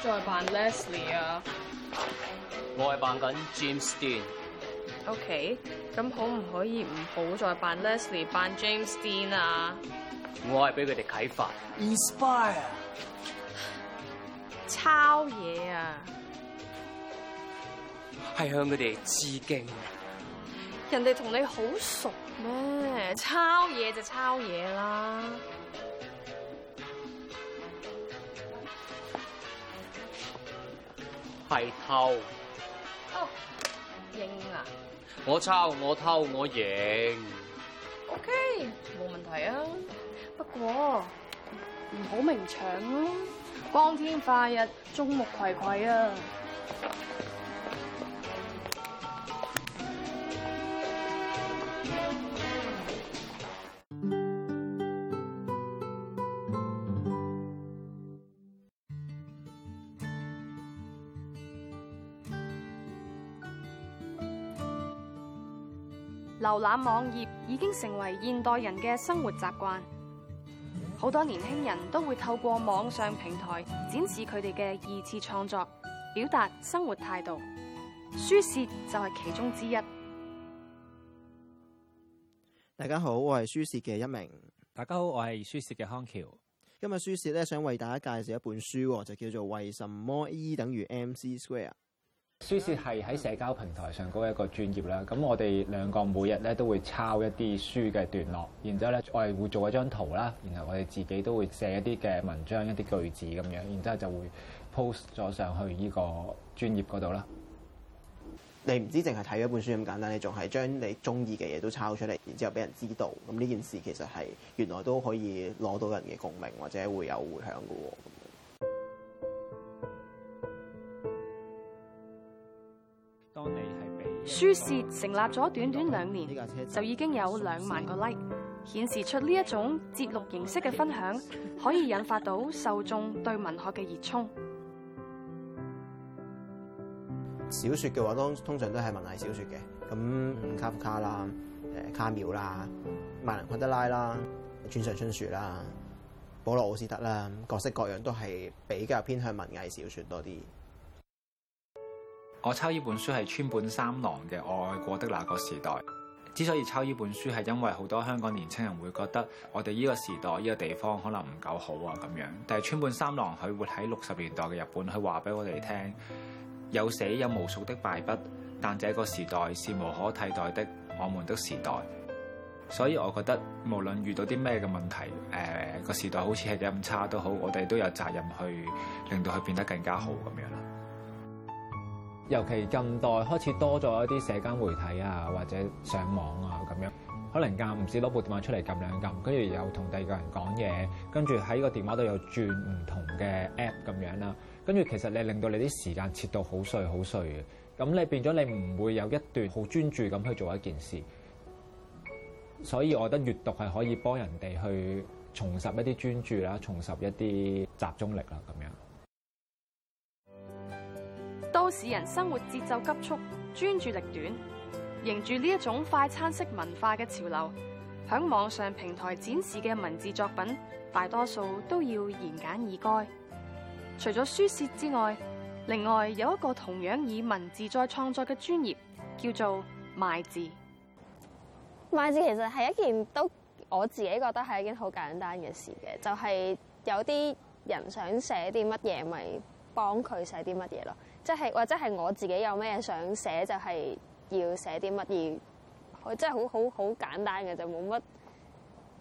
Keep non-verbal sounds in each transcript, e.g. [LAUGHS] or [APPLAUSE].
再扮 Leslie 啊！我係扮緊 James Dean。OK，咁可唔可以唔好再扮 Leslie，扮 James Dean 啊？我係俾佢哋啟發，inspire、啊。抄嘢啊！係向佢哋致敬啊！人哋同你好熟咩？抄嘢就抄嘢啦。係是偷，哦，認啊！我抄，我偷，我贏。O K，冇問題啊。不過唔好明搶咯、啊，光天化日，眾目睽睽啊！瀏覽網頁已經成為現代人嘅生活習慣，好多年輕人都會透過網上平台展示佢哋嘅二次創作，表達生活態度。書屑就係其中之一。大家好，我係書屑嘅一鳴。大家好，我係書屑嘅匡翹。今日書屑呢，想為大家介紹一本書，就叫做《為什麼 E 等於 MC Square》。書屑係喺社交平台上嗰一個專頁啦，咁我哋兩個每日咧都會抄一啲書嘅段落，然之後咧我哋會做一張圖啦，然後我哋自己都會寫一啲嘅文章，一啲句子咁樣，然之後就會 post 咗上去呢個專頁嗰度啦。你唔知淨係睇一本書咁簡單，你仲係將你中意嘅嘢都抄出嚟，然之後俾人知道，咁呢件事其實係原來都可以攞到人嘅共鳴或者會有回響噶喎。書屑成立咗短短兩年，就已經有兩萬個 like，顯示出呢一種節錄形式嘅分享可以引發到受眾對文學嘅熱衷。小說嘅話，通通常都係文藝小說嘅，咁卡夫卡啦、誒卡妙啦、米蘭昆德拉啦、《村上春樹》啦、保羅奧斯特啦，各式各樣都係比較偏向文藝小說多啲。我抄呢本書係川本三郎嘅《愛過的那個時代》。之所以抄呢本書係因為好多香港年青人會覺得我哋呢個時代、呢個地方可能唔夠好啊咁樣。但係川本三郎佢活喺六十年代嘅日本，佢話俾我哋聽：有死有無數的敗筆，但這個時代是無可替代的我們的時代。所以我覺得無論遇到啲咩嘅問題，誒個時代好似係咁差都好，我哋都有責任去令到佢變得更加好咁樣。尤其近代開始多咗一啲社交媒體啊，或者上網啊咁樣，嗯、可能間唔時攞部電話出嚟撳兩撳，跟住又同第二個人講嘢，跟住喺個電話度又轉唔同嘅 app 咁樣啦，跟住其實你令到你啲時間切到好碎好碎嘅，咁你變咗你唔會有一段好專注咁去做一件事，所以我覺得閱讀係可以幫人哋去重拾一啲專注啦，重拾一啲集中力啦，咁樣。使人生活節奏急速，專注力短，迎住呢一種快餐式文化嘅潮流，響網上平台展示嘅文字作品，大多數都要言簡意賅。除咗書屑之外，另外有一個同樣以文字再創作嘅專業，叫做賣字。賣字其實係一件都我自己覺得係一件好簡單嘅事嘅，就係、是、有啲人想寫啲乜嘢咪。幫佢寫啲乜嘢咯，即係或者係我自己有咩想寫，就係要寫啲乜嘢。佢真係好好好簡單嘅，就冇乜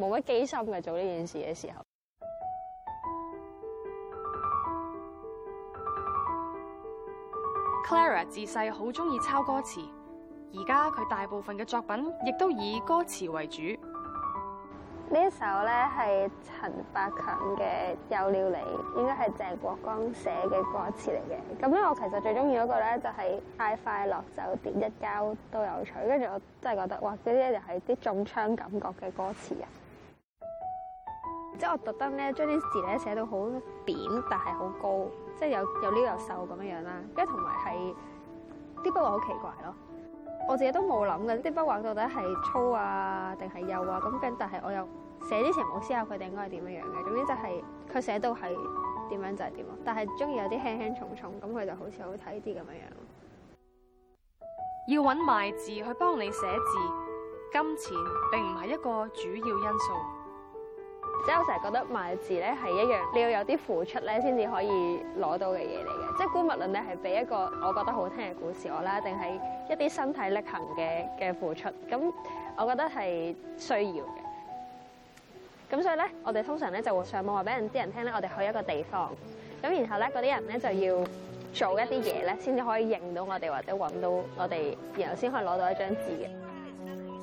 冇乜機心嘅做呢件事嘅時候。Clara 自細好中意抄歌詞，而家佢大部分嘅作品亦都以歌詞為主。呢一首咧係陳百強嘅《有了你》，應該係鄭國江寫嘅歌詞嚟嘅。咁咧我其實最中意嗰個咧就係太快樂就跌一跤都有趣，跟住我真係覺得哇！嗰啲就係啲中槍感覺嘅歌詞啊。即係我特登咧將啲字咧寫到好扁，但係好高，即有又又溜又瘦咁樣樣啦。跟住同埋係啲筆畫好奇怪咯。我自己都冇諗嘅，啲筆畫到底係粗啊定係幼啊咁，跟但係我又寫之前冇思考佢哋應該係點樣樣嘅。總之就係佢寫到係點樣就係點咯。但係中意有啲輕輕重重，咁佢就好似好睇啲咁樣樣。要揾賣字去幫你寫字，金錢並唔係一個主要因素。即係我成日覺得賣字咧係一樣你要有啲付出咧先至可以攞到嘅嘢嚟嘅，即係估物論咧係俾一個我覺得好聽嘅故事我啦，定係一啲身體力行嘅嘅付出，咁我覺得係需要嘅。咁所以咧，我哋通常咧就會上網話俾人知人聽咧，我哋去一個地方，咁然後咧嗰啲人咧就要做一啲嘢咧，先至可以認到我哋或者搵到我哋，然後先可以攞到一張字嘅。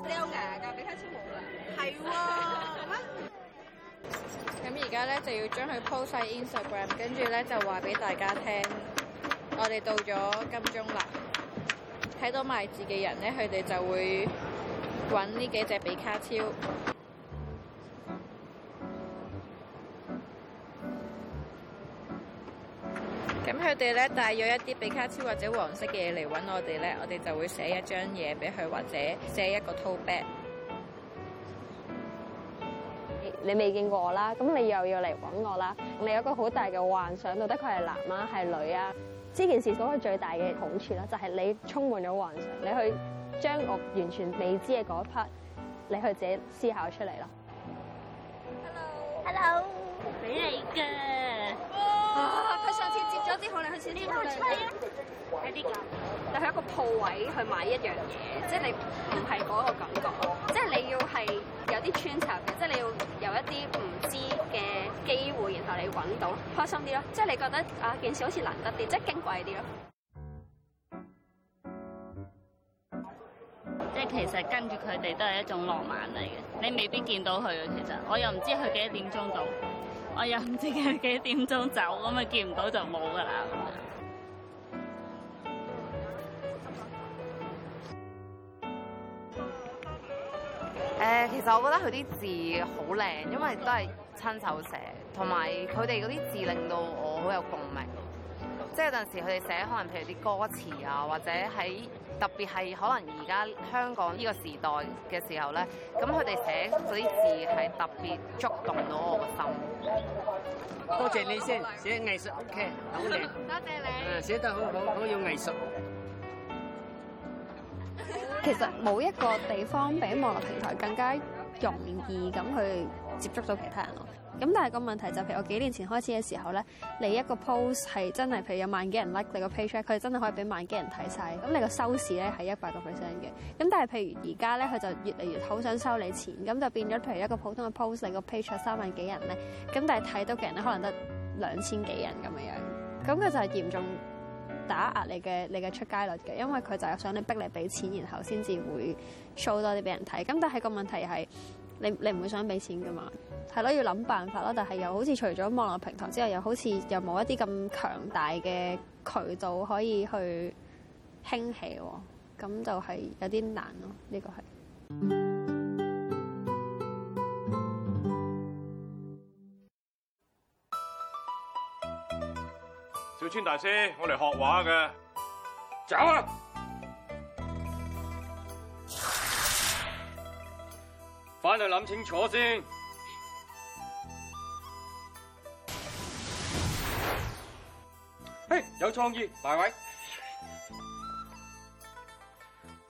sell 嘅價比冇啦，係喎。咁而家咧就要將佢 post 晒 Instagram，跟住咧就話俾大家聽，我哋到咗金鐘啦！睇到賣字嘅人咧，佢哋就會揾呢幾隻比卡超。咁佢哋咧帶咗一啲比卡超或者黃色嘅嘢嚟揾我哋咧，我哋就會寫一張嘢俾佢，或者寫一個 tote bag。你未見過我啦，咁你又要嚟揾我啦，你有個好大嘅幻想，到底佢係男啊，係女啊？呢件事所謂最大嘅好處啦，就係你充滿咗幻想，你去將我完全未知嘅嗰一 part，你去自己思考出嚟咯。Hello，Hello，俾 Hello. 你㗎。啊，佢上次接咗啲，可能佢少咗兩點。呢個、有啲㗎，但係一個鋪位去買一樣嘢，即係你唔係嗰個感覺即係、就是、你要係。啲穿插嘅，即係你要有一啲唔知嘅機會，然後你揾到，開心啲咯。即係你覺得啊件事好似難得啲，即係矜貴啲咯。即係其實跟住佢哋都係一種浪漫嚟嘅，你未必見到佢。其實我又唔知佢幾點鐘到，我又唔知佢幾點鐘走，咁咪見唔到就冇㗎啦。誒，其實我覺得佢啲字好靚，因為都係親手寫，同埋佢哋嗰啲字令到我好有共鳴。即係有陣時佢哋寫可能譬如啲歌詞啊，或者喺特別係可能而家香港呢個時代嘅時候咧，咁佢哋寫嗰啲字係特別觸動到我個心。多謝你先，寫藝術 OK，好靚。多謝你。誒，寫得好好，好有藝術。其實冇一個地方比網絡平台更加容易咁去接觸到其他人咯。咁但係個問題就係，譬如我幾年前開始嘅時候咧，你一個 post 係真係，譬如有萬幾人 like 你個 page，佢真係可以俾萬幾人睇晒。咁你個收視咧係一百個 percent 嘅。咁但係譬如而家咧，佢就越嚟越好想收你錢，咁就變咗譬如一個普通嘅 post，你個 page 有三萬幾人咧，咁但係睇到嘅人咧可能得兩千幾人咁樣樣，咁佢就係嚴重。打壓你嘅你嘅出街率嘅，因為佢就係想你逼你俾錢，然後先至會 show 多啲俾人睇。咁但係個問題係，你你唔會想俾錢㗎嘛？係咯，要諗辦法咯。但係又好似除咗網絡平台之外，又好似又冇一啲咁強大嘅渠道可以去興起喎。咁就係有啲難咯。呢個係。千大師，我嚟學畫嘅，走啊！返去諗清楚先。嘿，有創意，大位。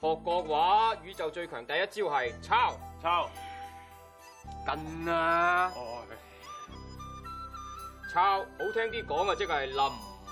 學國畫，宇宙最強第一招係抄抄。跟啊！哦！抄，好聽啲講啊，即係臨。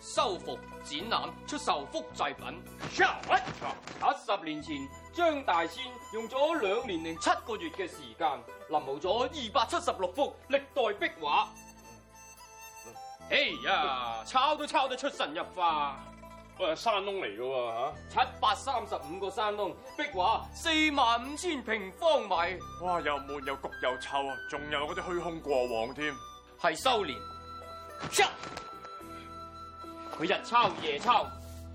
修復、展覽、出售複製品。是十年前，張大千用咗兩年零七個月嘅時間，臨摹咗二百七十六幅歷代壁畫。哎呀，抄都抄得出神入化。誒、哎，山窿嚟嘅吓，七百三十五個山窿壁畫，四萬五千平方米。哇，又悶又焗又臭啊！仲有嗰啲虛空過往添，係修煉。佢日抄夜抄，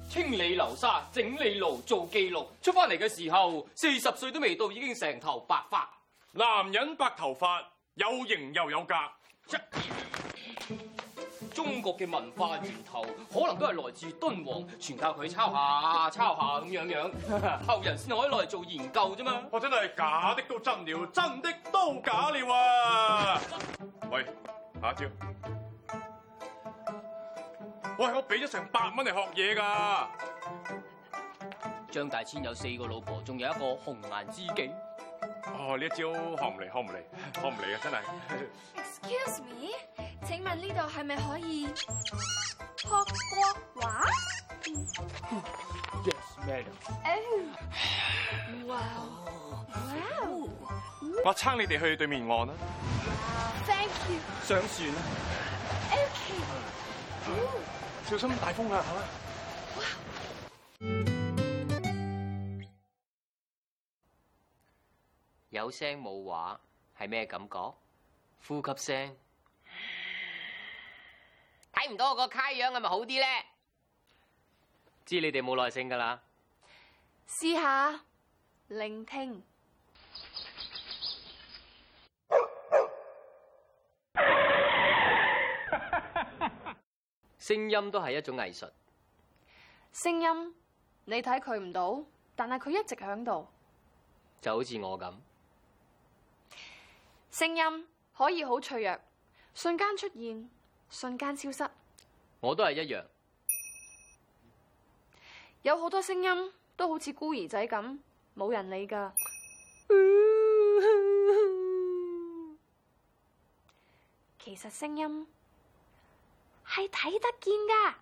清理流沙，整理爐，做記錄。出翻嚟嘅時候，四十歲都未到，已經成頭白髮。男人白頭髮，有型又有格。中國嘅文化源頭，可能都係來自敦煌，全靠佢抄下抄下咁樣樣，後人先可以攞嚟做研究啫嘛。我真係假的都真了，真的都假了啊！喂，下一招。喂，我俾咗成百蚊嚟學嘢噶。張大千有四個老婆，仲有一個紅顏知己。哦，呢招學唔嚟，學唔嚟，學唔嚟啊！真係。Excuse me，請問呢度係咪可以學國畫？Yes, madam. Oh. Wow, wow. 我撐你哋去對面岸啦。Thank you. 上船啦。Okay. 小心大風啊！吓，有聲冇話，係咩感覺？呼吸聲，睇唔到我個卡樣，係咪好啲咧？知你哋冇耐性噶啦，試下聆聽。聲音都係一種藝術。聲音你睇佢唔到，但係佢一直喺度。就好似我咁，聲音可以好脆弱，瞬間出現，瞬間消失。我都係一樣。有好多聲音都好似孤兒仔咁，冇人理噶。 [LAUGHS] 其實聲音。係睇得見㗎。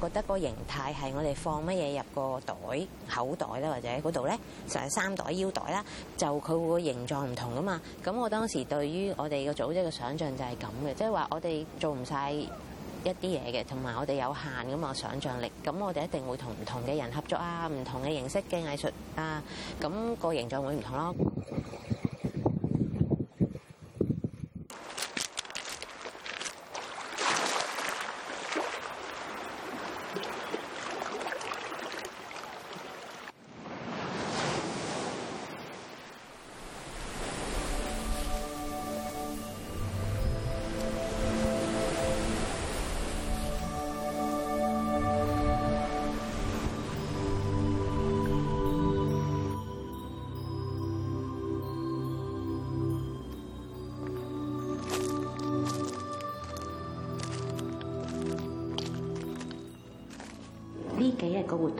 覺得嗰個形態係我哋放乜嘢入個袋、口袋啦，或者嗰度咧，實係衫袋、腰袋啦，就佢會個形狀唔同噶嘛。咁我當時對於我哋個組織嘅想像就係咁嘅，即係話我哋做唔晒一啲嘢嘅，同埋我哋有限噶嘛想像力。咁我哋一定會同唔同嘅人合作啊，唔同嘅形式嘅藝術啊，咁個形狀會唔同咯。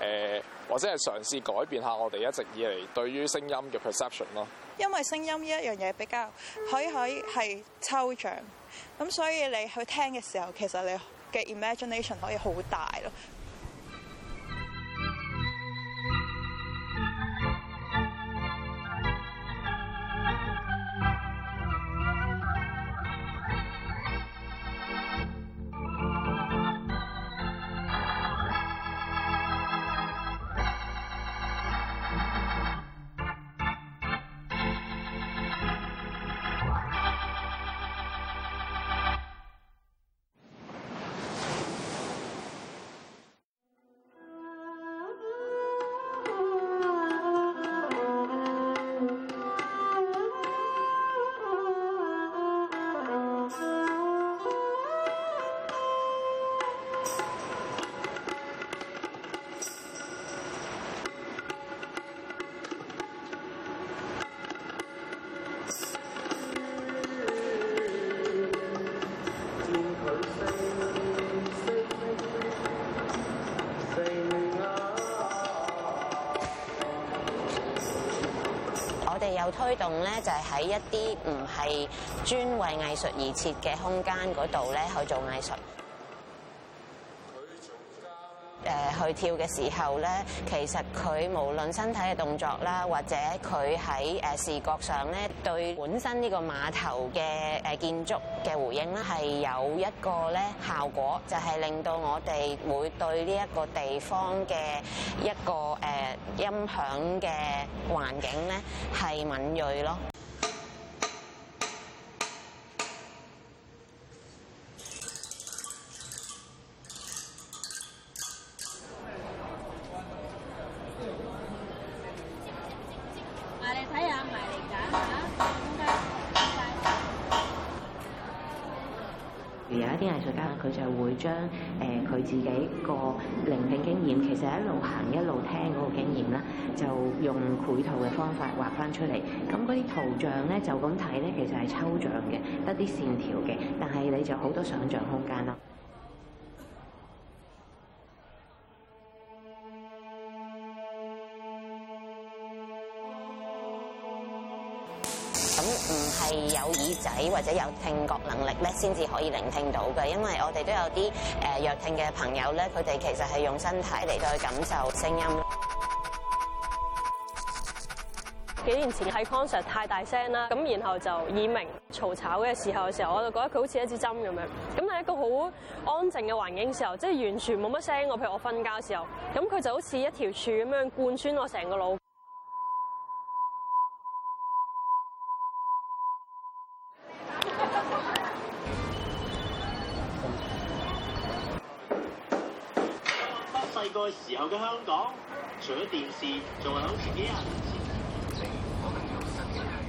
誒，或者係嘗試改變下我哋一直以嚟對於聲音嘅 perception 咯。因為聲音呢一樣嘢比較可以可以係抽象，咁所以你去聽嘅時候，其實你嘅 imagination 可以好大咯。推動咧，就係喺一啲唔係專為藝術而設嘅空間度咧，去做藝術。跳嘅時候咧，其實，佢無論身體嘅動作啦，或者佢喺誒視覺上咧，對本身呢個碼頭嘅誒建築嘅回應咧，係有一個咧效果，就係、是、令到我哋會對呢一個地方嘅一個誒、呃、音響嘅環境咧係敏銳咯。像咧就咁睇咧，其實係抽象嘅，得啲線條嘅，但係你就好多想像空間咯。咁唔係有耳仔或者有聽覺能力咧，先至可以聆聽到嘅。因為我哋都有啲誒弱聽嘅朋友咧，佢哋其實係用身體嚟到去感受聲音。幾年前喺 concert 太大聲啦，咁然後就耳鳴嘈吵嘅時候嘅時候，我就覺得佢好似一支針咁樣。咁喺一個好安靜嘅環境嘅時候，即係完全冇乜聲，我譬如我瞓覺嘅時候，咁佢就好似一條柱咁樣貫穿我成個腦。記得細個時候嘅香港，除咗電視，仲係好自己人。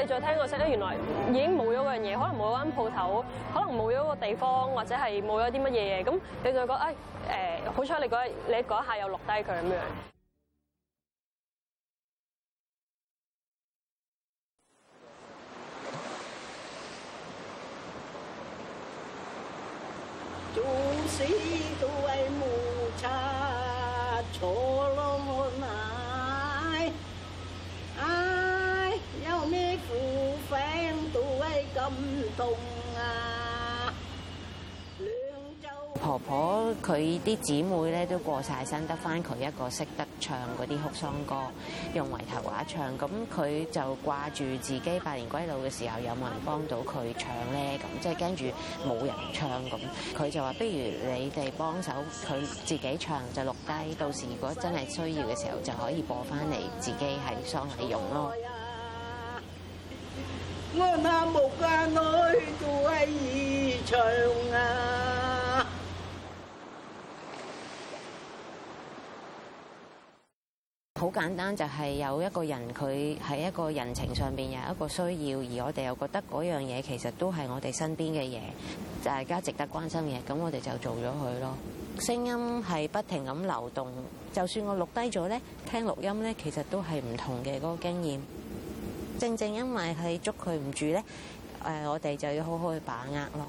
你再聽個聲咧，原來已經冇咗嗰樣嘢，可能冇咗間鋪頭，可能冇咗個地方，或者係冇咗啲乜嘢嘢，咁你就會覺得誒，好彩你嗰你嗰下又錄低佢咁樣。婆婆佢啲姊妹咧都過曬身，得翻佢一個識得唱嗰啲哭喪歌，用圍頭話唱。咁佢就掛住自己百年歸老嘅時候有冇人幫到佢唱咧？咁即係驚住冇人唱咁，佢就話：不如你哋幫手，佢自己唱就錄低，到時如果真係需要嘅時候就可以播翻嚟，自己喺喪禮用咯。啊好簡單，就係有一個人佢喺一個人情上邊有一個需要，而我哋又覺得嗰樣嘢其實都係我哋身邊嘅嘢，大家值得關心嘅，咁我哋就做咗佢咯。聲音係不停咁流動，就算我錄低咗呢，聽錄音呢，其實都係唔同嘅嗰個經驗。正正因為係捉佢唔住呢，誒，我哋就要好好去把握咯。